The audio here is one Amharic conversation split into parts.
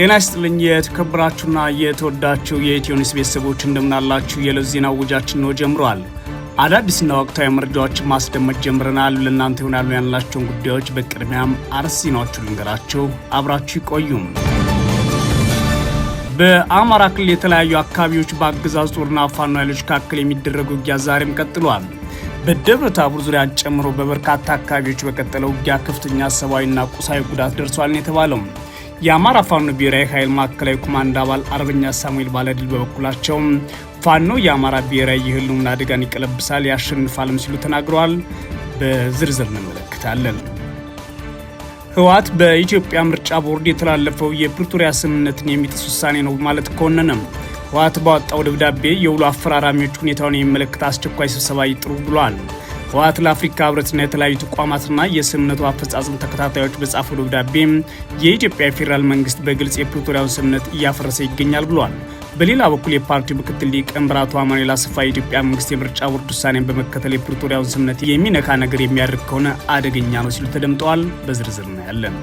ጤና ይስጥልኝ የተከበራችሁና የተወዳችሁ የኢትዮ ኒውስ ቤተሰቦች እንደምናላችሁ። የዕለቱ ዜና ውጃችን ነው ጀምሯል። አዳዲስና ወቅታዊ መረጃዎችን ማስደመጥ ጀምረናል። ለእናንተ ይሆናሉ ያልናቸውን ጉዳዮች በቅድሚያም አርዕስተ ዜናዎቹን ልንገራችሁ፣ አብራችሁ ይቆዩም። በአማራ ክልል የተለያዩ አካባቢዎች በአገዛዝ ጦርና ፋኖ ኃይሎች መካከል የሚደረጉ ውጊያ ዛሬም ቀጥሏል። በደብረ ታቦር ዙሪያ ጨምሮ በበርካታ አካባቢዎች በቀጠለው ውጊያ ከፍተኛ ሰብአዊና ቁሳዊ ጉዳት ደርሷል የተባለው። የአማራ ፋኖ ብሔራዊ ኃይል ማዕከላዊ ኮማንድ አባል አርበኛ ሳሙኤል ባለድል በበኩላቸው ፋኖ የአማራ ብሔራዊ የህልውና አደጋን ይቀለብሳል፣ ያሸንፋልም ሲሉ ተናግረዋል። በዝርዝር እንመለከታለን። ህወሓት በኢትዮጵያ ምርጫ ቦርድ የተላለፈው የፕሪቶሪያ ስምምነትን የሚጥስ ውሳኔ ነው ማለት ከሆነንም ህወሓት ባወጣው ደብዳቤ የውሉ አፈራራሚዎች ሁኔታውን የሚመለከት አስቸኳይ ስብሰባ ይጥሩ ብሏል። ህወሓት ለአፍሪካ ህብረትና የተለያዩ ተቋማትና የስምምነቱ አፈጻጸም ተከታታዮች በጻፈው ደብዳቤ የኢትዮጵያ ፌዴራል መንግስት በግልጽ የፕሪቶሪያውን ስምምነት እያፈረሰ ይገኛል ብሏል። በሌላ በኩል የፓርቲው ምክትል ሊቀመንበር አቶ አማኑኤል አሰፋ የኢትዮጵያ መንግስት የምርጫ ቦርድ ውሳኔን በመከተል የፕሪቶሪያውን ስምምነት የሚነካ ነገር የሚያደርግ ከሆነ አደገኛ ነው ሲሉ ተደምጠዋል። በዝርዝር ነው ያለን።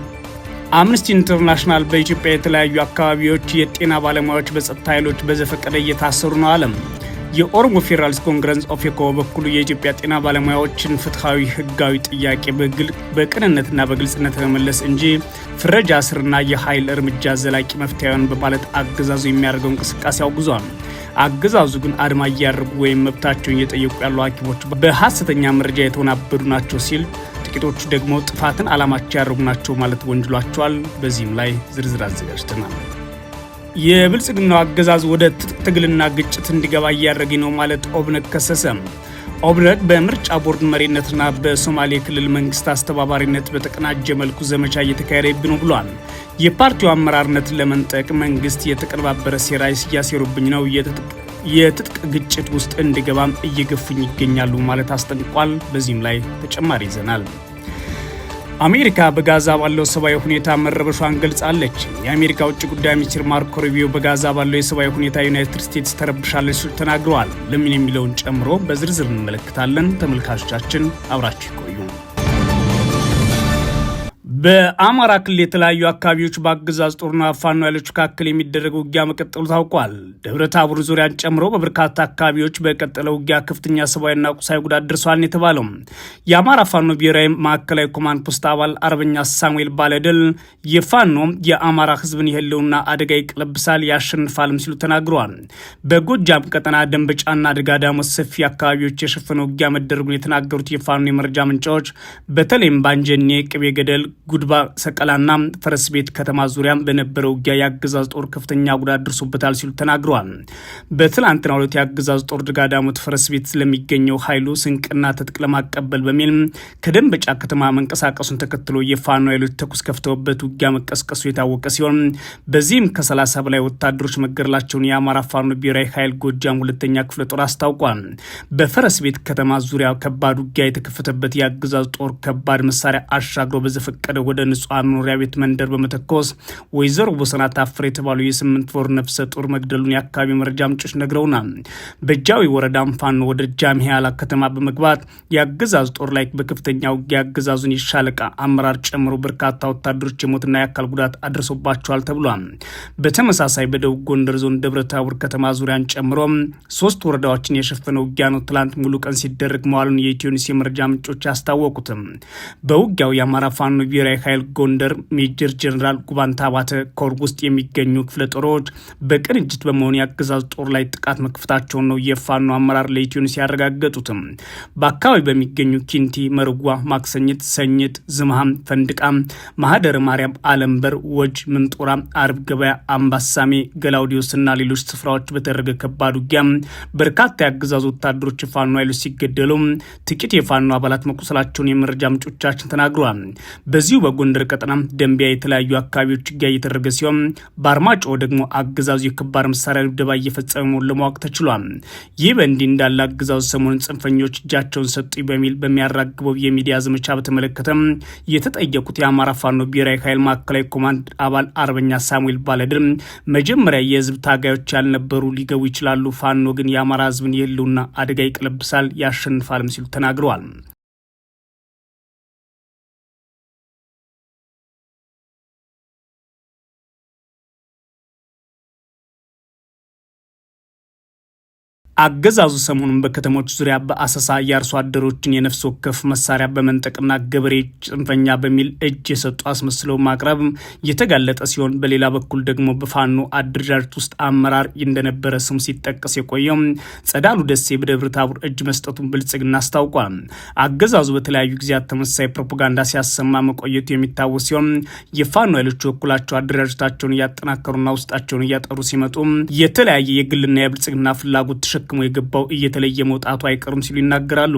አምነስቲ ኢንተርናሽናል በኢትዮጵያ የተለያዩ አካባቢዎች የጤና ባለሙያዎች በጸጥታ ኃይሎች በዘፈቀደ እየታሰሩ ነው አለም የኦሮሞ ፌዴራሊስት ኮንግረስ ኦፌኮ በበኩሉ የኢትዮጵያ ጤና ባለሙያዎችን ፍትሐዊ ህጋዊ ጥያቄ በቅንነትና በግልጽነት መመለስ እንጂ ፍረጃ፣ ስርና የኃይል እርምጃ ዘላቂ መፍትሄውን በማለት አገዛዙ የሚያደርገው እንቅስቃሴ አውግዟል። አገዛዙ ግን አድማ እያደረጉ ወይም መብታቸውን እየጠየቁ ያሉ ሐኪሞች በሀሰተኛ መረጃ የተወናበዱ ናቸው ሲል ጥቂቶቹ ደግሞ ጥፋትን ዓላማቸው ያደረጉ ናቸው ማለት ወንጅሏቸዋል። በዚህም ላይ ዝርዝር አዘጋጅተናል። የብልጽግናው አገዛዝ ወደ ትጥቅ ትግልና ግጭት እንዲገባ እያደረገ ነው ማለት ኦብነግ ከሰሰ። ኦብነግ በምርጫ ቦርድ መሪነትና በሶማሌ ክልል መንግስት አስተባባሪነት በተቀናጀ መልኩ ዘመቻ እየተካሄደብኝ ነው ብሏል። የፓርቲው አመራርነት ለመንጠቅ መንግስት የተቀነባበረ ሴራ እያሴሩብኝ ነው፣ የትጥቅ ግጭት ውስጥ እንዲገባም እየገፉኝ ይገኛሉ ማለት አስጠንቅቋል። በዚህም ላይ ተጨማሪ ይዘናል። አሜሪካ በጋዛ ባለው ሰብአዊ ሁኔታ መረበሿን ገልጻለች። የአሜሪካ ውጭ ጉዳይ ሚኒስትር ማርኮ ሩቢዮ በጋዛ ባለው የሰብአዊ ሁኔታ ዩናይትድ ስቴትስ ተረብሻለች ሲሉ ተናግረዋል። ለምን የሚለውን ጨምሮ በዝርዝር እንመለከታለን። ተመልካቾቻችን አብራችሁ ይቆዩ። በአማራ ክልል የተለያዩ አካባቢዎች በአገዛዝ ጦርና ፋኖ ኃይሎች መካከል የሚደረገው ውጊያ መቀጠሉ ታውቋል። ደብረ ታቦር ዙሪያን ጨምሮ በበርካታ አካባቢዎች በቀጠለው ውጊያ ከፍተኛ ሰብአዊና ቁሳዊ ጉዳት ደርሷል የተባለው የአማራ ፋኖ ብሔራዊ ማዕከላዊ ኮማንድ ፖስት አባል አርበኛ ሳሙኤል ባለደል የፋኖ የአማራ ህዝብን የህልውና አደጋ ይቀለብሳል፣ ያሸንፋልም ሲሉ ተናግረዋል። በጎጃም ቀጠና ደንበጫና አደጋ ዳሞት ሰፊ አካባቢዎች የሸፈነ ውጊያ መደረጉን የተናገሩት የፋኖ የመረጃ ምንጫዎች በተለይም ባንጀኔ ቅቤ ገደል ጉድባ ሰቀላና ፈረስ ቤት ከተማ ዙሪያ በነበረው ውጊያ የአገዛዝ ጦር ከፍተኛ ጉዳት ደርሶበታል ሲሉ ተናግረዋል። በትላንትናው ዕለት የአገዛዝ ጦር ድጋዳሞት ፈረስ ቤት ስለሚገኘው ኃይሉ ስንቅና ትጥቅ ለማቀበል በሚል ከደንበጫ ከተማ መንቀሳቀሱን ተከትሎ የፋኖ ኃይሎች ተኩስ ከፍተውበት ውጊያ መቀስቀሱ የታወቀ ሲሆን በዚህም ከ30 በላይ ወታደሮች መገደላቸውን የአማራ ፋኖ ብሔራዊ ኃይል ጎጃም ሁለተኛ ክፍለ ጦር አስታውቋል። በፈረስ ቤት ከተማ ዙሪያ ከባድ ውጊያ የተከፈተበት የአገዛዝ ጦር ከባድ መሳሪያ አሻግሮ በዘፈቀደ ወደ ንጹሐን መኖሪያ ቤት መንደር በመተኮስ ወይዘሮ ቦሰና ታፈር የተባሉ የስምንት ወር ነፍሰ ጡር መግደሉን የአካባቢ መረጃ ምንጮች ነግረውናል። በጃዊ ወረዳም ፋኖ ወደ ጃሚያላ ከተማ በመግባት የአገዛዙ ጦር ላይ በከፍተኛ ውጊያ የአገዛዙን የሻለቃ አመራር ጨምሮ በርካታ ወታደሮች የሞትና የአካል ጉዳት አድርሶባቸዋል ተብሏል። በተመሳሳይ በደቡብ ጎንደር ዞን ደብረ ታቦር ከተማ ዙሪያን ጨምሮ ሶስት ወረዳዎችን የሸፈነ ውጊያ ነው ትላንት ሙሉ ቀን ሲደረግ መዋሉን የኢትዮኒስ የመረጃ ምንጮች አስታወቁትም። በውጊያው የአማራ ፋኖ ብሔራዊ የትግራይ ኃይል ጎንደር ሜጀር ጀኔራል ጉባንታ አባተ ኮር ውስጥ የሚገኙ ክፍለ ጦሮች በቅንጅት በመሆን የአገዛዝ ጦር ላይ ጥቃት መክፈታቸውን ነው የፋኖ አመራር ለኢትዮንስ ያረጋገጡትም። በአካባቢ በሚገኙ ኪንቲ፣ መርጓ፣ ማክሰኝት፣ ሰኝት፣ ዝምሃም፣ ፈንድቃም፣ ማህደር ማርያም፣ አለምበር፣ ወጅ፣ ምንጦራ፣ አርብ ገበያ፣ አምባሳሜ፣ እና ሌሎች ስፍራዎች በተደረገ ከባድ ውጊያ በርካታ የአገዛዝ ወታደሮች የፋኖ ኃይሎች ሲገደሉ ጥቂት የፋኖ አባላት መቁሰላቸውን የመረጃ ምንጮቻችን ተናግረዋል። በዚሁ በጎንደር ቀጠና ደንቢያ የተለያዩ አካባቢዎች ውጊያ እየተደረገ ሲሆን በአርማጭሆ ደግሞ አገዛዙ የከባድ መሳሪያ ድብደባ እየፈጸመ መሆኑን ለማወቅ ተችሏል። ይህ በእንዲህ እንዳለ አገዛዙ ሰሞኑን ጽንፈኞች እጃቸውን ሰጡ በሚል በሚያራግበው የሚዲያ ዘመቻ በተመለከተም የተጠየቁት የአማራ ፋኖ ብሔራዊ ኃይል ማዕከላዊ ኮማንድ አባል አርበኛ ሳሙኤል ባለድር መጀመሪያ የህዝብ ታጋዮች ያልነበሩ ሊገቡ ይችላሉ፣ ፋኖ ግን የአማራ ህዝብን የህልውና አደጋ ይቀለብሳል፣ ያሸንፋልም ሲሉ ተናግረዋል። አገዛዙ ሰሞኑን በከተሞች ዙሪያ በአሰሳ የአርሶ አደሮችን የነፍስ ወከፍ መሳሪያ በመንጠቅና ገበሬ ጽንፈኛ በሚል እጅ የሰጡ አስመስለው ማቅረብ የተጋለጠ ሲሆን፣ በሌላ በኩል ደግሞ በፋኖ አደረጃጀት ውስጥ አመራር እንደነበረ ስሙ ሲጠቀስ የቆየው ጸዳሉ ደሴ በደብረ ታቦር እጅ መስጠቱን ብልጽግና አስታውቋል። አገዛዙ በተለያዩ ጊዜያት ተመሳሳይ ፕሮፓጋንዳ ሲያሰማ መቆየቱ የሚታወስ ሲሆን የፋኖ ኃይሎች በኩላቸው አደረጃጀታቸውን እያጠናከሩና ውስጣቸውን እያጠሩ ሲመጡ የተለያየ የግልና የብልጽግና ፍላጎት ተሸ ተሸክሞ የገባው እየተለየ መውጣቱ አይቀርም ሲሉ ይናገራሉ።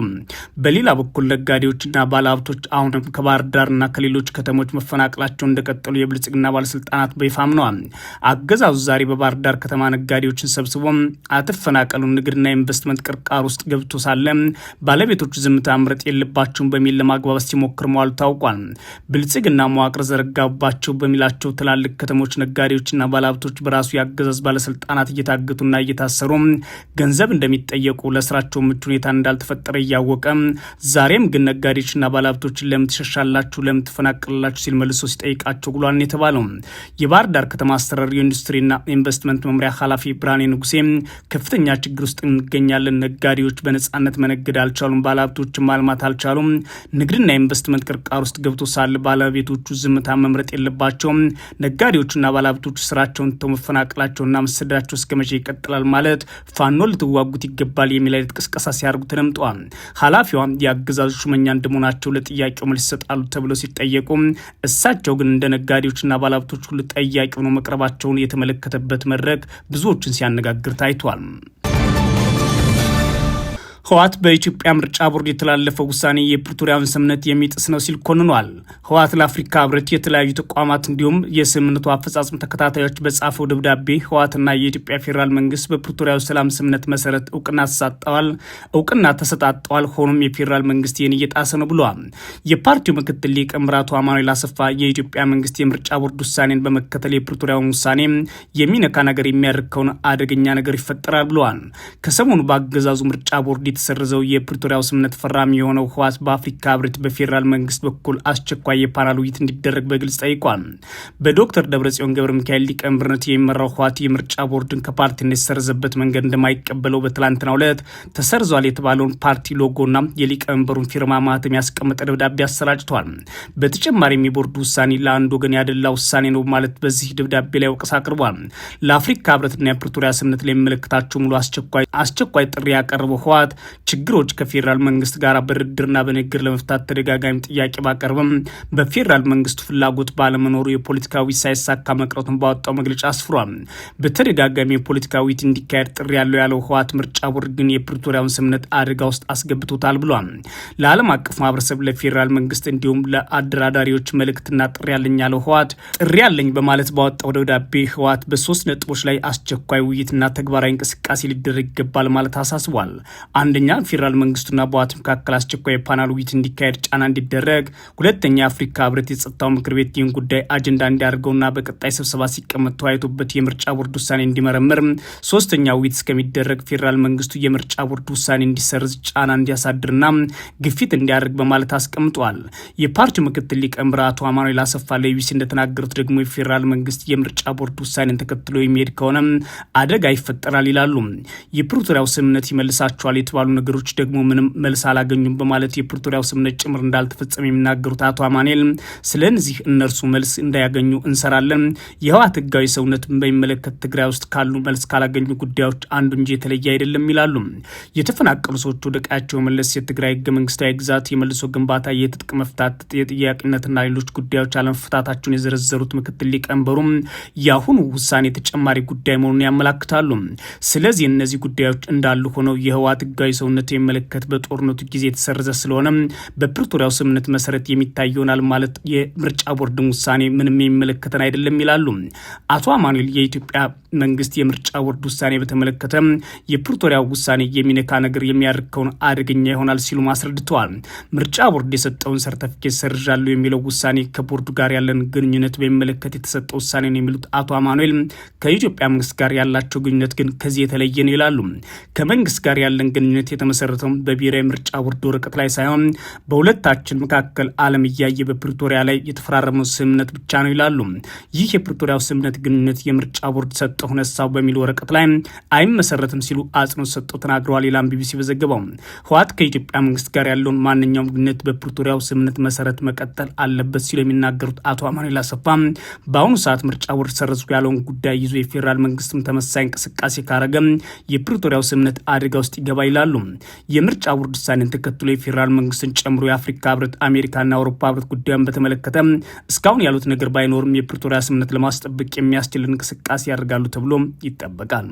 በሌላ በኩል ነጋዴዎችና ባለሀብቶች አሁንም ከባህር ዳርና ከሌሎች ከተሞች መፈናቀላቸው እንደቀጠሉ የብልጽግና ባለስልጣናት በይፋ አምነዋል። አገዛዙ ዛሬ በባህር ዳር ከተማ ነጋዴዎችን ሰብስቦ አትፈናቀሉ፣ ንግድና ኢንቨስትመንት ቅርቃር ውስጥ ገብቶ ሳለ ባለቤቶቹ ዝምታ ምረጥ የለባቸውም በሚል ለማግባባት ሲሞክር መዋሉ ታውቋል። ብልጽግና መዋቅር ዘረጋባቸው በሚላቸው ትላልቅ ከተሞች ነጋዴዎችና ባለሀብቶች በራሱ የአገዛዝ ባለስልጣናት እየታገቱና እየታሰሩ ገንዘብ ገንዘብ እንደሚጠየቁ ለስራቸው ምቹ ሁኔታ እንዳልተፈጠረ እያወቀ ዛሬም ግን ነጋዴዎችና ባለሀብቶችን ለምትሸሻላችሁ ለምትፈናቅልላችሁ ሲል መልሶ ሲጠይቃቸው ጉሏን የተባለው የባህር ዳር ከተማ አስተዳደር የኢንዱስትሪና ኢንቨስትመንት መምሪያ ኃላፊ ብርሃኔ ንጉሴ ከፍተኛ ችግር ውስጥ እንገኛለን፣ ነጋዴዎች በነጻነት መነገድ አልቻሉም፣ ባለሀብቶችን ማልማት አልቻሉም። ንግድና ኢንቨስትመንት ቅርቃር ውስጥ ገብቶ ሳለ ባለቤቶቹ ዝምታ መምረጥ የለባቸውም። ነጋዴዎቹና ባለሀብቶቹ ስራቸውን ተው መፈናቀላቸውና መሰደዳቸው እስከመቼ ይቀጥላል? ማለት ፋኖ ልትዋጉት ይገባል የሚል አይነት ቅስቀሳ ሲያደርጉ ተደምጠዋል። ኃላፊዋ የአገዛዙ ሹመኛ እንደመሆናቸው ለጥያቄው መልስ ይሰጣሉ ተብለው ሲጠየቁ እሳቸው ግን እንደ ነጋዴዎችና ባለሀብቶች ሁሉ ጠያቂ ሆነው መቅረባቸውን የተመለከተበት መድረክ ብዙዎችን ሲያነጋግር ታይቷል። ህወሓት በኢትዮጵያ ምርጫ ቦርድ የተላለፈው ውሳኔ የፕሪቶሪያን ስምምነት የሚጥስ ነው ሲል ኮንኗል። ህወሓት ለአፍሪካ ህብረት፣ የተለያዩ ተቋማት እንዲሁም የስምምነቱ አፈጻጽም ተከታታዮች በጻፈው ደብዳቤ ህወሓትና የኢትዮጵያ ፌዴራል መንግስት በፕሪቶሪያው ሰላም ስምምነት መሰረት እውቅና ተሰጣጠዋል እውቅና ተሰጣጠዋል ሆኖም የፌዴራል መንግስት ይህን እየጣሰ ነው ብሏል። የፓርቲው ምክትል ሊቀ ምራቱ አማኑኤል አሰፋ የኢትዮጵያ መንግስት የምርጫ ቦርድ ውሳኔን በመከተል የፕሪቶሪያውን ውሳኔ የሚነካ ነገር የሚያደርግ አደገኛ ነገር ይፈጠራል ብለዋል። ከሰሞኑ በአገዛዙ ምርጫ ቦርድ የተሰረዘው የፕሪቶሪያው ስምምነት ፈራሚ የሆነው ህዋስ በአፍሪካ ህብረት በፌዴራል መንግስት በኩል አስቸኳይ የፓናል ውይይት እንዲደረግ በግልጽ ጠይቋል። በዶክተር ደብረጽዮን ገብረ ሚካኤል ሊቀመንበርነት የሚመራው ህዋት የምርጫ ቦርድን ከፓርቲነት የተሰረዘበት መንገድ እንደማይቀበለው በትላንትናው ዕለት ተሰርዟል የተባለውን ፓርቲ ሎጎና የሊቀመንበሩን ፊርማ ማህተም ያስቀመጠ ደብዳቤ አሰራጭቷል። በተጨማሪም የቦርዱ ውሳኔ ለአንድ ወገን ያደላ ውሳኔ ነው ማለት በዚህ ደብዳቤ ላይ ወቀሳ አቅርቧል። ለአፍሪካ ህብረትና የፕሪቶሪያ ስምምነት ላይ ሙሉ አስቸኳይ ጥሪ ያቀረበው ህወሓት ችግሮች ከፌዴራል መንግስት ጋር በድርድርና በንግግር ለመፍታት ተደጋጋሚ ጥያቄ ባቀርብም በፌዴራል መንግስቱ ፍላጎት ባለመኖሩ የፖለቲካ ውይይት ሳይሳካ መቅረቱን ባወጣው መግለጫ አስፍሯል። በተደጋጋሚ የፖለቲካ ውይይት እንዲካሄድ ጥሪ ያለው ያለው ህወሓት ምርጫ ቦርድ ግን የፕሪቶሪያውን ስምምነት አደጋ ውስጥ አስገብቶታል ብሏል። ለዓለም አቀፍ ማህበረሰብ፣ ለፌዴራል መንግስት እንዲሁም ለአደራዳሪዎች መልእክትና ጥሪ ያለኝ ያለው ህወሓት ጥሪ ያለኝ በማለት ባወጣው ደብዳቤ ህወሓት በሶስት ነጥቦች ላይ አስቸኳይ ውይይትና ተግባራዊ እንቅስቃሴ ሊደረግ ይገባል ማለት አሳስቧል። አንደኛ ፌዴራል መንግስቱና በዋት መካከል አስቸኳይ የፓናል ውይይት እንዲካሄድ ጫና እንዲደረግ፣ ሁለተኛ የአፍሪካ ህብረት የጸጥታው ምክር ቤት ይህን ጉዳይ አጀንዳ እንዲያደርገውና በቀጣይ ስብሰባ ሲቀመጥ ተወያይቶበት የምርጫ ቦርድ ውሳኔ እንዲመረምር፣ ሶስተኛ ውይይት እስከሚደረግ ፌዴራል መንግስቱ የምርጫ ቦርድ ውሳኔ እንዲሰርዝ ጫና እንዲያሳድርና ግፊት እንዲያደርግ በማለት አስቀምጧል። የፓርቲው ምክትል ሊቀመንበር አቶ አማኑኤል አሰፋ ለዩቢሲ እንደተናገሩት ደግሞ የፌዴራል መንግስት የምርጫ ቦርድ ውሳኔን ተከትሎ የሚሄድ ከሆነ አደጋ ይፈጠራል ይላሉ። የፕሪቶሪያው ስምምነት ይመልሳቸዋል የተባሉ የተባሉ ነገሮች ደግሞ ምንም መልስ አላገኙም በማለት የፕሪቶሪያው ስምነት ጭምር እንዳልተፈጸመ የሚናገሩት አቶ አማኔል ስለዚህ እነርሱ መልስ እንዳያገኙ እንሰራለን። የህወሓት ህጋዊ ሰውነትን በሚመለከት ትግራይ ውስጥ ካሉ መልስ ካላገኙ ጉዳዮች አንዱ እንጂ የተለየ አይደለም ይላሉ። የተፈናቀሉ ሰዎች ወደ ቀያቸው መለስ፣ የትግራይ ህገ መንግስታዊ ግዛት፣ የመልሶ ግንባታ፣ የትጥቅ መፍታት፣ የጥያቄነትና ሌሎች ጉዳዮች አለመፈታታቸውን የዘረዘሩት ምክትል ሊቀመንበሩም የአሁኑ ውሳኔ ተጨማሪ ጉዳይ መሆኑን ያመላክታሉ። ስለዚህ እነዚህ ጉዳዮች እንዳሉ ሆነው የህወሓት ህጋዊ ሰብአዊ ሰውነት የሚመለከት በጦርነቱ ጊዜ የተሰረዘ ስለሆነ በፕሪቶሪያው ስምምነት መሰረት የሚታይ ይሆናል ማለት የምርጫ ቦርድን ውሳኔ ምንም የሚመለከተን አይደለም ይላሉ አቶ አማኑኤል የኢትዮጵያ መንግስት የምርጫ ቦርድ ውሳኔ በተመለከተ የፕሪቶሪያው ውሳኔ የሚነካ ነገር የሚያደርገውን አደገኛ ይሆናል ሲሉ አስረድተዋል። ምርጫ ቦርድ የሰጠውን ሰርተፊኬት ሰርዣለሁ የሚለው ውሳኔ ከቦርዱ ጋር ያለን ግንኙነት በሚመለከት የተሰጠ ውሳኔ ነው የሚሉት አቶ አማኑኤል ከኢትዮጵያ መንግስት ጋር ያላቸው ግንኙነት ግን ከዚህ የተለየ ነው ይላሉ። ከመንግስት ጋር ያለን ግንኙነት የተመሰረተው በብሔራዊ ምርጫ ቦርድ ወረቀት ላይ ሳይሆን በሁለታችን መካከል አለም እያየ በፕሪቶሪያ ላይ የተፈራረመው ስምምነት ብቻ ነው ይላሉ። ይህ የፕሪቶሪያው ስምምነት ግንኙነት የምርጫ ቦርድ ሰጠ ሰጠሁ ነሳሁ በሚል ወረቀት ላይ አይመሰረትም ሲሉ አጽንኦት ሰጠው ተናግረዋል። ሌላም ቢቢሲ በዘገበው ህወሓት ከኢትዮጵያ መንግስት ጋር ያለውን ማንኛውም ግንኙነት በፕሪቶሪያው ስምምነት መሰረት መቀጠል አለበት ሲሉ የሚናገሩት አቶ አማኑኤል አሰፋ በአሁኑ ሰዓት ምርጫ ቦርድ ሰረዝኩ ያለውን ጉዳይ ይዞ የፌዴራል መንግስትም ተመሳሳይ እንቅስቃሴ ካረገ የፕሪቶሪያው ስምምነት አደጋ ውስጥ ይገባ ይላሉ። የምርጫ ቦርድ ውሳኔን ተከትሎ የፌዴራል መንግስትን ጨምሮ የአፍሪካ ህብረት፣ አሜሪካና አውሮፓ ህብረት ጉዳዩን በተመለከተ እስካሁን ያሉት ነገር ባይኖርም የፕሪቶሪያ ስምምነት ለማስጠበቅ የሚያስችል እንቅስቃሴ ያደርጋሉ ተብሎ ይጠበቃል።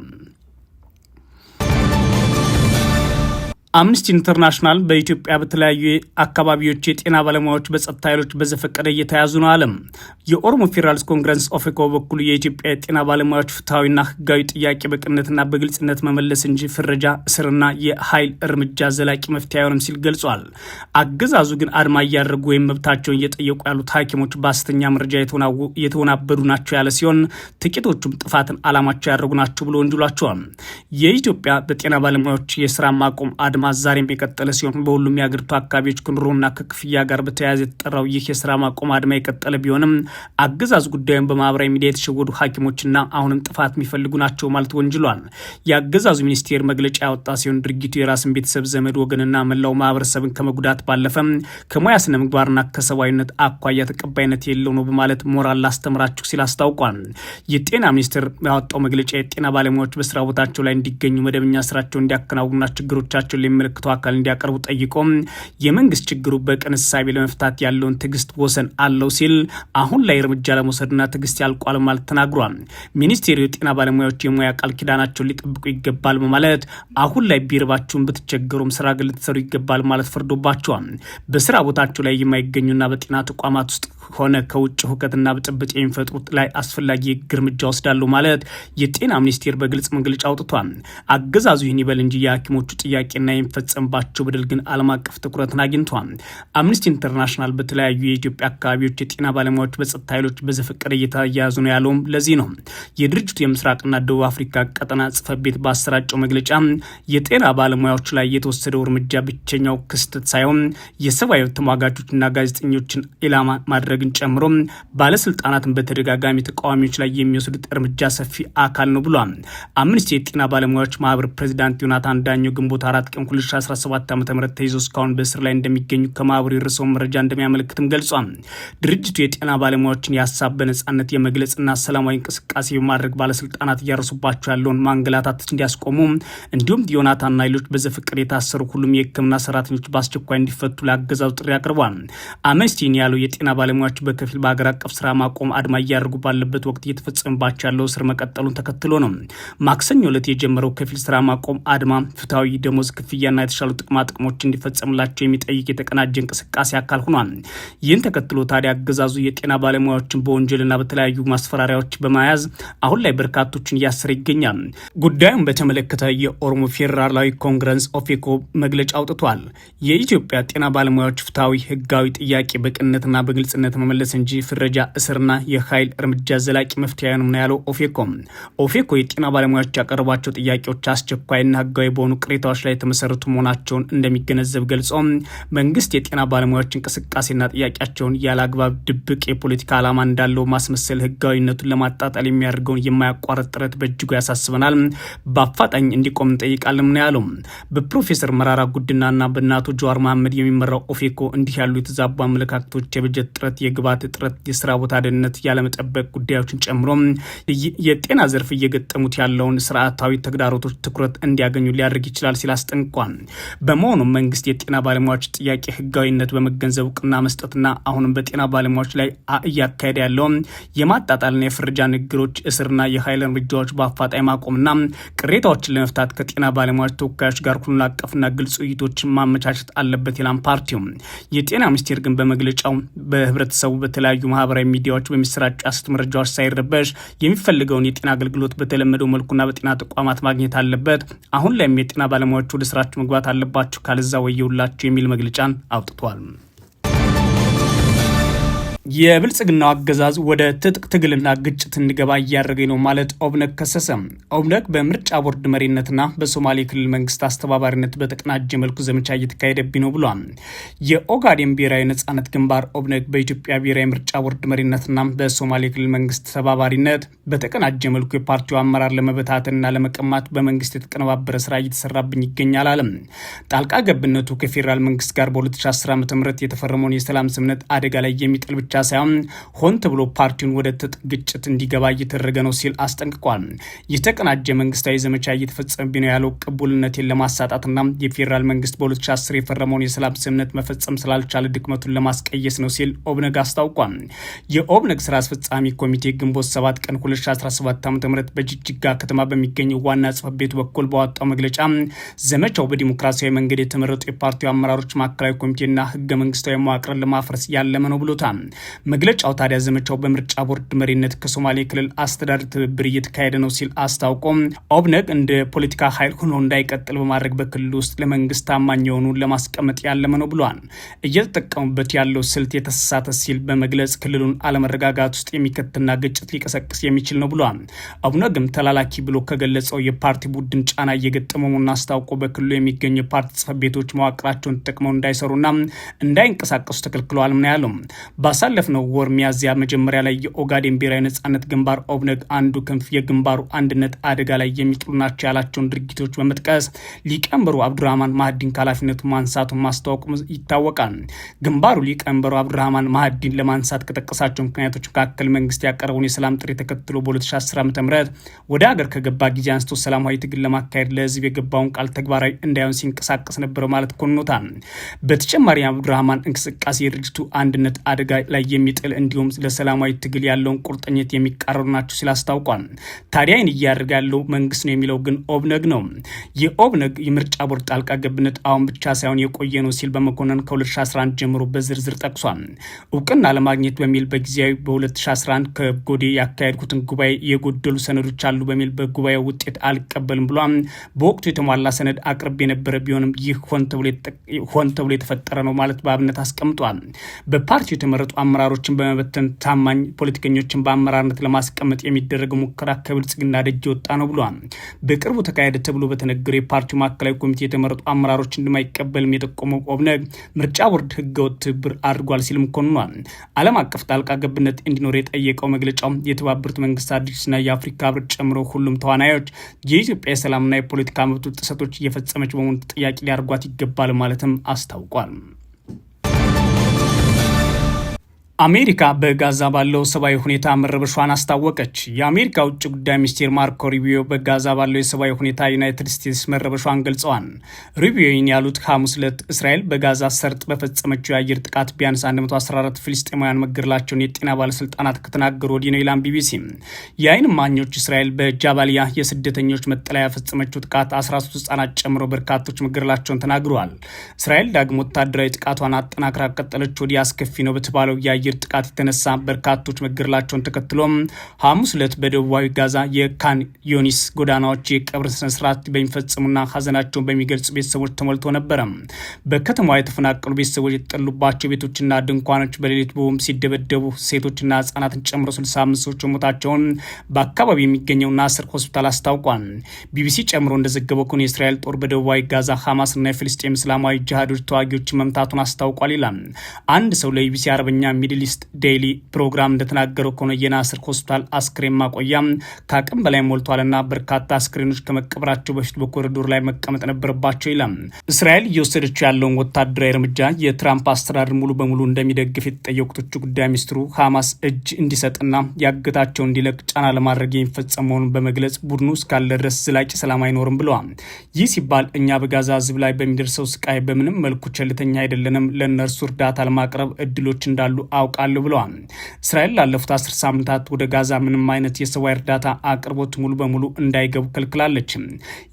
አምነስቲ ኢንተርናሽናል በኢትዮጵያ በተለያዩ አካባቢዎች የጤና ባለሙያዎች በጸጥታ ኃይሎች በዘፈቀደ እየተያዙ ነው አለም። የኦሮሞ ፌዴራልስ ኮንግረስ ኦፌኮ በኩሉ የኢትዮጵያ የጤና ባለሙያዎች ፍትሐዊና ህጋዊ ጥያቄ በቅንነትና በግልጽነት መመለስ እንጂ ፍረጃ፣ እስርና የኃይል እርምጃ ዘላቂ መፍትሄ አይሆንም ሲል ገልጿል። አገዛዙ ግን አድማ እያደረጉ ወይም መብታቸውን እየጠየቁ ያሉት ሐኪሞች በአስተኛ መረጃ የተወናበዱ ናቸው ያለ ሲሆን ጥቂቶቹም ጥፋትን አላማቸው ያደረጉ ናቸው ብሎ ወንጅሏቸዋል። የኢትዮጵያ በጤና ባለሙያዎች የስራ ማቆም አድማ ልማት ዛሬም የቀጠለ ሲሆን በሁሉም የአገሪቱ አካባቢዎች ከኑሮና ከክፍያ ጋር በተያያዘ የተጠራው ይህ የስራ ማቆም አድማ የቀጠለ ቢሆንም አገዛዝ ጉዳዩን በማህበራዊ ሚዲያ የተሸወዱ ሐኪሞችና አሁንም ጥፋት የሚፈልጉ ናቸው ማለት ወንጅሏል። የአገዛዙ ሚኒስቴር መግለጫ ያወጣ ሲሆን ድርጊቱ የራስን ቤተሰብ፣ ዘመድ፣ ወገንና መላው ማህበረሰብን ከመጉዳት ባለፈ ከሙያ ስነ ምግባርና ከሰብአዊነት አኳያ ተቀባይነት የለው ነው በማለት ሞራል ላስተምራችሁ ሲል አስታውቋል። የጤና ሚኒስቴር ያወጣው መግለጫ የጤና ባለሙያዎች በስራ ቦታቸው ላይ እንዲገኙ መደበኛ ስራቸው እንዲያከናውኑና ችግሮቻቸውን የምልክቱ አካል እንዲያቀርቡ ጠይቆ የመንግስት ችግሩ በቅንሳቤ ለመፍታት ያለውን ትዕግስት ወሰን አለው ሲል አሁን ላይ እርምጃ ለመውሰድና ትዕግስት ያልቋል ማለት ተናግሯል። ሚኒስቴሩ የጤና ባለሙያዎች የሙያ ቃል ኪዳናቸውን ሊጠብቁ ይገባል በማለት አሁን ላይ ቢርባችሁን ብትቸገሩም ስራ ግን ልትሰሩ ይገባል ማለት ፈርዶባቸዋል። በስራ ቦታቸው ላይ የማይገኙና በጤና ተቋማት ውስጥ ሆነ ከውጭ ሁከትና ብጥብጥ የሚፈጥሩት ላይ አስፈላጊ የህግ እርምጃ ወስዳሉ ማለት የጤና ሚኒስቴር በግልጽ መግለጫ አውጥቷል። አገዛዙ ይህን ይበል እንጂ የሐኪሞቹ ጥያቄና የሚፈጸምባቸው በደል ግን ዓለም አቀፍ ትኩረትን አግኝቷል። አምነስቲ ኢንተርናሽናል በተለያዩ የኢትዮጵያ አካባቢዎች የጤና ባለሙያዎች በጸጥታ ኃይሎች በዘፈቀደ እየተያያዙ ነው ያለውም ለዚህ ነው። የድርጅቱ የምስራቅና ደቡብ አፍሪካ ቀጠና ጽህፈት ቤት ባሰራጨው መግለጫ የጤና ባለሙያዎች ላይ የተወሰደው እርምጃ ብቸኛው ክስተት ሳይሆን የሰብአዊ ተሟጋቾችና ጋዜጠኞችን ኢላማ ማድረግን ጨምሮ ባለስልጣናትን በተደጋጋሚ ተቃዋሚዎች ላይ የሚወስዱት እርምጃ ሰፊ አካል ነው ብሏል። አምነስቲ የጤና ባለሙያዎች ማህበር ፕሬዚዳንት ዮናታን ዳኘው ግንቦት አራት ቀን 2017 ዓ ም ተይዞ እስካሁን በእስር ላይ እንደሚገኙ ከማህበሩ የደረሰው መረጃ እንደሚያመለክትም ገልጿል። ድርጅቱ የጤና ባለሙያዎችን የሀሳብ በነጻነት የመግለጽና ሰላማዊ እንቅስቃሴ በማድረግ ባለስልጣናት እያረሱባቸው ያለውን ማንገላታት እንዲያስቆሙ እንዲሁም ዮናታንና ሌሎች በዘፈቀደ የታሰሩ ሁሉም የህክምና ሰራተኞች በአስቸኳይ እንዲፈቱ ለአገዛዙ ጥሪ አቅርቧል። አምነስቲን ያለው የጤና ባለሙያዎች በከፊል በሀገር አቀፍ ስራ ማቆም አድማ እያደርጉ ባለበት ወቅት እየተፈጸመባቸው ያለው እስር መቀጠሉን ተከትሎ ነው። ማክሰኞ ዕለት የጀመረው ከፊል ስራ ማቆም አድማ ፍትሐዊ ደሞዝ ክፍያ ክፍያና የተሻሉ ጥቅማ ጥቅሞች እንዲፈጸምላቸው የሚጠይቅ የተቀናጀ እንቅስቃሴ አካል ሆኗል። ይህን ተከትሎ ታዲያ አገዛዙ የጤና ባለሙያዎችን በወንጀልና በተለያዩ ማስፈራሪያዎች በመያዝ አሁን ላይ በርካቶችን እያሰረ ይገኛል። ጉዳዩን በተመለከተ የኦሮሞ ፌዴራላዊ ኮንግረስ ኦፌኮ መግለጫ አውጥቷል። የኢትዮጵያ ጤና ባለሙያዎች ፍትሐዊ ህጋዊ ጥያቄ በቅንነትና በግልጽነት መመለስ እንጂ ፍረጃ፣ እስርና የኃይል እርምጃ ዘላቂ መፍትሄ አይሆንም ነው ያለው ኦፌኮ። ኦፌኮ የጤና ባለሙያዎች ያቀረቧቸው ጥያቄዎች አስቸኳይና ህጋዊ በሆኑ ቅሬታዎች ላይ የተመሰረ እየመሰረቱ መሆናቸውን እንደሚገነዘብ ገልጸው መንግስት የጤና ባለሙያዎች እንቅስቃሴና ጥያቄያቸውን ያለ አግባብ ድብቅ የፖለቲካ ዓላማ እንዳለው ማስመሰል ህጋዊነቱን ለማጣጣል የሚያደርገውን የማያቋረጥ ጥረት በእጅጉ ያሳስበናል፣ በአፋጣኝ እንዲቆም እንጠይቃለን ነው ያለው። በፕሮፌሰር መራራ ጉድናና በእናቶ ጀዋር መሐመድ የሚመራው ኦፌኮ እንዲህ ያሉ የተዛቡ አመለካከቶች የበጀት ጥረት፣ የግብዓት እጥረት፣ የስራ ቦታ ደህንነት ያለመጠበቅ ጉዳዮችን ጨምሮ የጤና ዘርፍ እየገጠሙት ያለውን ስርዓታዊ ተግዳሮቶች ትኩረት እንዲያገኙ ሊያደርግ ይችላል ሲል አስጠንቋል። አስታውቋል። በመሆኑም መንግስት የጤና ባለሙያዎች ጥያቄ ህጋዊነት በመገንዘብ እውቅና መስጠትና አሁንም በጤና ባለሙያዎች ላይ እያካሄደ ያለው የማጣጣልና የፍርጃ ንግግሮች፣ እስርና የኃይል እርምጃዎች በአፋጣኝ ማቆምና ቅሬታዎችን ለመፍታት ከጤና ባለሙያዎች ተወካዮች ጋር ሁሉን አቀፍና ግልጽ ውይይቶችን ማመቻቸት አለበት ይላል ፓርቲው። የጤና ሚኒስቴር ግን በመግለጫው በህብረተሰቡ በተለያዩ ማህበራዊ ሚዲያዎች በሚሰራጩ ሐሰት መረጃዎች ሳይረበሽ የሚፈልገውን የጤና አገልግሎት በተለመደው መልኩና በጤና ተቋማት ማግኘት አለበት። አሁን ላይም የጤና ባለሙያዎች ወደ ስራ መግባት አለባችሁ፣ ካልዛ ወየውላችሁ የሚል መግለጫን አውጥቷል። የብልጽግናው አገዛዝ ወደ ትጥቅ ትግልና ግጭት እንዲገባ እያደረገኝ ነው ማለት ኦብነግ ከሰሰ። ኦብነግ በምርጫ ቦርድ መሪነትና በሶማሌ ክልል መንግስት አስተባባሪነት በተቀናጀ መልኩ ዘመቻ እየተካሄደብኝ ነው ብሏል። የኦጋዴን ብሔራዊ ነጻነት ግንባር ኦብነግ በኢትዮጵያ ብሔራዊ ምርጫ ቦርድ መሪነትና በሶማሌ ክልል መንግስት ተባባሪነት በተቀናጀ መልኩ የፓርቲው አመራር ለመበታተንና ለመቀማት በመንግስት የተቀነባበረ ስራ እየተሰራብኝ ይገኛል አለም። ጣልቃ ገብነቱ ከፌዴራል መንግስት ጋር በ2010 ዓ ም የተፈረመውን የሰላም ስምነት አደጋ ላይ የሚጥል ብቻ ሳይሆን ሆን ተብሎ ፓርቲውን ወደ ትጥቅ ግጭት እንዲገባ እየተደረገ ነው ሲል አስጠንቅቋል። የተቀናጀ መንግስታዊ ዘመቻ እየተፈጸመብኝ ነው ያለው ቅቡልነቴን ለማሳጣትና የፌዴራል መንግስት በ2010 የፈረመውን የሰላም ስምምነት መፈጸም ስላልቻለ ድክመቱን ለማስቀየስ ነው ሲል ኦብነግ አስታውቋል። የኦብነግ ስራ አስፈጻሚ ኮሚቴ ግንቦት 7 ቀን 2017 ዓ ም በጅጅጋ ከተማ በሚገኘው ዋና ጽህፈት ቤት በኩል በወጣው መግለጫ ዘመቻው በዲሞክራሲያዊ መንገድ የተመረጡ የፓርቲው አመራሮች ማዕከላዊ ኮሚቴና ህገ መንግስታዊ መዋቅርን ለማፍረስ ያለመ ነው ብሎታል። መግለጫው ታዲያ ዘመቻው በምርጫ ቦርድ መሪነት ከሶማሌ ክልል አስተዳደር ትብብር እየተካሄደ ነው ሲል አስታውቆም ኦብነግ እንደ ፖለቲካ ኃይል ሆኖ እንዳይቀጥል በማድረግ በክልል ውስጥ ለመንግስት ታማኝ የሆኑ ለማስቀመጥ ያለመ ነው ብሏል። እየተጠቀሙበት ያለው ስልት የተሳሳተ ሲል በመግለጽ ክልሉን አለመረጋጋት ውስጥ የሚከትና ግጭት ሊቀሰቅስ የሚችል ነው ብሏል። ኦብነግም ተላላኪ ብሎ ከገለጸው የፓርቲ ቡድን ጫና እየገጠመሙና አስታውቆ በክልሉ የሚገኙ የፓርቲ ጽፈት ቤቶች መዋቅራቸውን ተጠቅመው እንዳይሰሩና እንዳይንቀሳቀሱ ተከልክለዋል። ምን ያለው ባለፍነው ወር ሚያዝያ መጀመሪያ ላይ የኦጋዴን ብሔራዊ ነጻነት ግንባር ኦብነግ አንዱ ክንፍ የግንባሩ አንድነት አደጋ ላይ የሚጥሉ ናቸው ያላቸውን ድርጊቶች በመጥቀስ ሊቀመንበሩ አብዱራህማን ማህዲን ከኃላፊነቱ ማንሳቱን ማስታወቁ ይታወቃል። ግንባሩ ሊቀመንበሩ አብዱራህማን ማህዲን ለማንሳት ከጠቀሳቸው ምክንያቶች መካከል መንግስት ያቀረበውን የሰላም ጥሪ ተከትሎ በ2010 ዓ ም ወደ ሀገር ከገባ ጊዜ አንስቶ ሰላማዊ ትግል ለማካሄድ ለህዝብ የገባውን ቃል ተግባራዊ እንዳይሆን ሲንቀሳቀስ ነበረ ማለት ኮንኖታል። በተጨማሪ አብዱራህማን እንቅስቃሴ የድርጅቱ አንድነት አደጋ ላይ ላይ የሚጥል እንዲሁም ለሰላማዊ ትግል ያለውን ቁርጠኝነት የሚቃረሩ ናቸው ሲል አስታውቋል። ታዲያ ይህን እያደረገ ያለው መንግስት ነው የሚለው ግን ኦብነግ ነው። የኦብነግ የምርጫ ቦርድ ጣልቃ ገብነት አሁን ብቻ ሳይሆን የቆየ ነው ሲል በመኮንን ከ2011 ጀምሮ በዝርዝር ጠቅሷል። እውቅና ለማግኘት በሚል በጊዜያዊ በ2011 ከጎዴ ያካሄድኩትን ጉባኤ የጎደሉ ሰነዶች አሉ በሚል በጉባኤው ውጤት አልቀበልም ብሏል። በወቅቱ የተሟላ ሰነድ አቅርብ የነበረ ቢሆንም ይህ ሆን ተብሎ የተፈጠረ ነው ማለት በአብነት አስቀምጧል። በፓርቲው የተመረጡ አመራሮችን በመበተን ታማኝ ፖለቲከኞችን በአመራርነት ለማስቀመጥ የሚደረገ ሙከራ ከብልጽግና ደጅ የወጣ ነው ብሏል። በቅርቡ ተካሄደ ተብሎ በተነገሩ የፓርቲው ማዕከላዊ ኮሚቴ የተመረጡ አመራሮች እንደማይቀበልም የጠቆመው ኦብነግ ምርጫ ቦርድ ህገወጥ ትብብር አድርጓል ሲልም ኮንኗል። ዓለም አቀፍ ጣልቃ ገብነት እንዲኖር የጠየቀው መግለጫው የተባበሩት መንግስታት ድርጅትና የአፍሪካ ህብረት ጨምሮ ሁሉም ተዋናዮች የኢትዮጵያ የሰላምና የፖለቲካ መብቱ ጥሰቶች እየፈጸመች በመሆኑ ጥያቄ ሊያርጓት ይገባል ማለትም አስታውቋል። አሜሪካ በጋዛ ባለው ሰብአዊ ሁኔታ መረበሿን አስታወቀች። የአሜሪካ ውጭ ጉዳይ ሚኒስቴር ማርኮ ሪቢዮ በጋዛ ባለው የሰብአዊ ሁኔታ ዩናይትድ ስቴትስ መረበሿን ገልጸዋል። ሩቢዮ ይህን ያሉት ሐሙስ ዕለት እስራኤል በጋዛ ሰርጥ በፈጸመችው የአየር ጥቃት ቢያንስ 114 ፊልስጤማውያን መገደላቸውን የጤና ባለስልጣናት ከተናገሩ ወዲህ ነው ይላል ቢቢሲ። የአይን ማኞች እስራኤል በጃባሊያ የስደተኞች መጠለያ የፈጸመችው ጥቃት 13 ህጻናት ጨምሮ በርካቶች መገደላቸውን ተናግረዋል። እስራኤል ዳግም ወታደራዊ ጥቃቷን አጠናክራ ቀጠለች ወዲህ አስከፊ ነው በተባለው የአየር የአየር ጥቃት የተነሳ በርካቶች መገደላቸውን ተከትሎም ሐሙስ ዕለት በደቡባዊ ጋዛ የካን ዮኒስ ጎዳናዎች የቀብር ስነስርዓት በሚፈጽሙና ሀዘናቸውን በሚገልጹ ቤተሰቦች ተሞልቶ ነበረ። በከተማዋ የተፈናቀሉ ቤተሰቦች የተጠሉባቸው ቤቶችና ድንኳኖች በሌሊት ቦምብ ሲደበደቡ ሴቶችና ህጻናትን ጨምሮ 65 ሰዎች መሞታቸውን በአካባቢ የሚገኘው ናስር ሆስፒታል አስታውቋል። ቢቢሲ ጨምሮ እንደዘገበው ከሆነ የእስራኤል ጦር በደቡባዊ ጋዛ ሐማስና የፊልስጤም እስላማዊ ጅሃዶች ተዋጊዎች መምታቱን አስታውቋል ይላል። አንድ ሰው ለቢቢሲ አረበኛ ሚድል ለሚድልስት ዴይሊ ፕሮግራም እንደተናገረው ከሆነ የናስር ሆስፒታል አስክሬን ማቆያ ከአቅም በላይ ሞልቷልና በርካታ አስክሬኖች ከመቀበራቸው በፊት በኮሪዶር ላይ መቀመጥ ነበረባቸው ይላል። እስራኤል እየወሰደችው ያለውን ወታደራዊ እርምጃ የትራምፕ አስተዳደር ሙሉ በሙሉ እንደሚደግፍ የተጠየቁት ውጭ ጉዳይ ሚኒስትሩ ሐማስ እጅ እንዲሰጥና ያገታቸው እንዲለቅ ጫና ለማድረግ የሚፈጸም መሆኑን በመግለጽ ቡድኑ እስካለ ድረስ ዘላቂ ሰላም አይኖርም ብለዋል። ይህ ሲባል እኛ በጋዛ ህዝብ ላይ በሚደርሰው ስቃይ በምንም መልኩ ቸልተኛ አይደለንም፣ ለእነርሱ እርዳታ ለማቅረብ እድሎች እንዳሉ አው ያውቃሉ ብለዋል። እስራኤል ላለፉት አስር ሳምንታት ወደ ጋዛ ምንም አይነት የሰብአዊ እርዳታ አቅርቦት ሙሉ በሙሉ እንዳይገቡ ከልክላለች።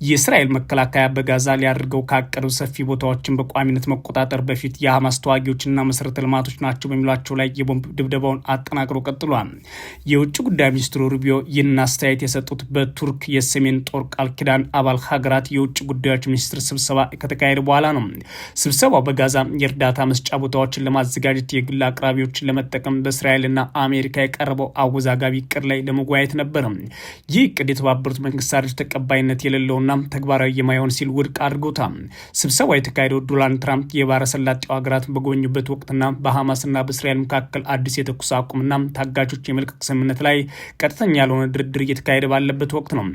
የእስራኤል መከላከያ በጋዛ ሊያደርገው ካቀደው ሰፊ ቦታዎችን በቋሚነት መቆጣጠር በፊት የሐማስ ተዋጊዎችና መሰረተ ልማቶች ናቸው በሚሏቸው ላይ የቦምብ ድብደባውን አጠናቅሮ ቀጥሏል። የውጭ ጉዳይ ሚኒስትሩ ሩቢዮ ይህን አስተያየት የሰጡት በቱርክ የሰሜን ጦር ቃል ኪዳን አባል ሀገራት የውጭ ጉዳዮች ሚኒስትር ስብሰባ ከተካሄደ በኋላ ነው። ስብሰባው በጋዛ የእርዳታ መስጫ ቦታዎችን ለማዘጋጀት የግል አቅራቢዎች ኃይሎችን ለመጠቀም በእስራኤልና አሜሪካ የቀረበው አወዛጋቢ እቅድ ላይ ለመወያየት ነበር። ይህ እቅድ የተባበሩት መንግስታት ተቀባይነት የሌለውና ተግባራዊ የማይሆን ሲል ውድቅ አድርጎታል። ስብሰባ የተካሄደው ዶናልድ ትራምፕ የባህረ ሰላጤው ሀገራት በጎኙበት ወቅትና በሐማስና በእስራኤል መካከል አዲስ የተኩስ አቁምና ታጋቾች የመልቀቅ ስምምነት ላይ ቀጥተኛ ያልሆነ ድርድር እየተካሄደ ባለበት ወቅት ነው።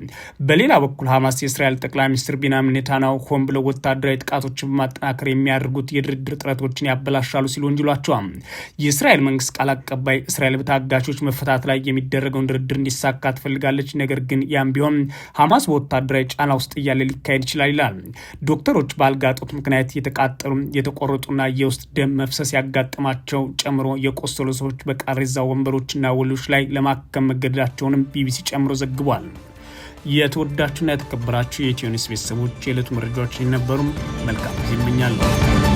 በሌላ በኩል ሐማስ የእስራኤል ጠቅላይ ሚኒስትር ቢናምን ኔታንያሁ ሆን ብለው ወታደራዊ ጥቃቶችን በማጠናከር የሚያደርጉት የድርድር ጥረቶችን ያበላሻሉ ሲል ወንጅሏቸዋል። የእስራኤል መንግስት ቃል አቀባይ እስራኤል በታጋቾች መፈታት ላይ የሚደረገውን ድርድር እንዲሳካ ትፈልጋለች፣ ነገር ግን ያም ቢሆን ሐማስ በወታደራዊ ጫና ውስጥ እያለ ሊካሄድ ይችላል ይላል። ዶክተሮች በአልጋ ምክንያት የተቃጠሉ የተቆረጡና የውስጥ ደም መፍሰስ ያጋጠማቸው ጨምሮ የቆሰሉ ሰዎች በቃሬዛ ወንበሮችና ወሎች ላይ ለማከም መገደዳቸውንም ቢቢሲ ጨምሮ ዘግቧል። የተወዳችሁና የተከበራችሁ የኢትዮ ኒውስ ቤተሰቦች የዕለቱ መረጃዎች ነበሩም። መልካም ጊዜ እመኛለሁ።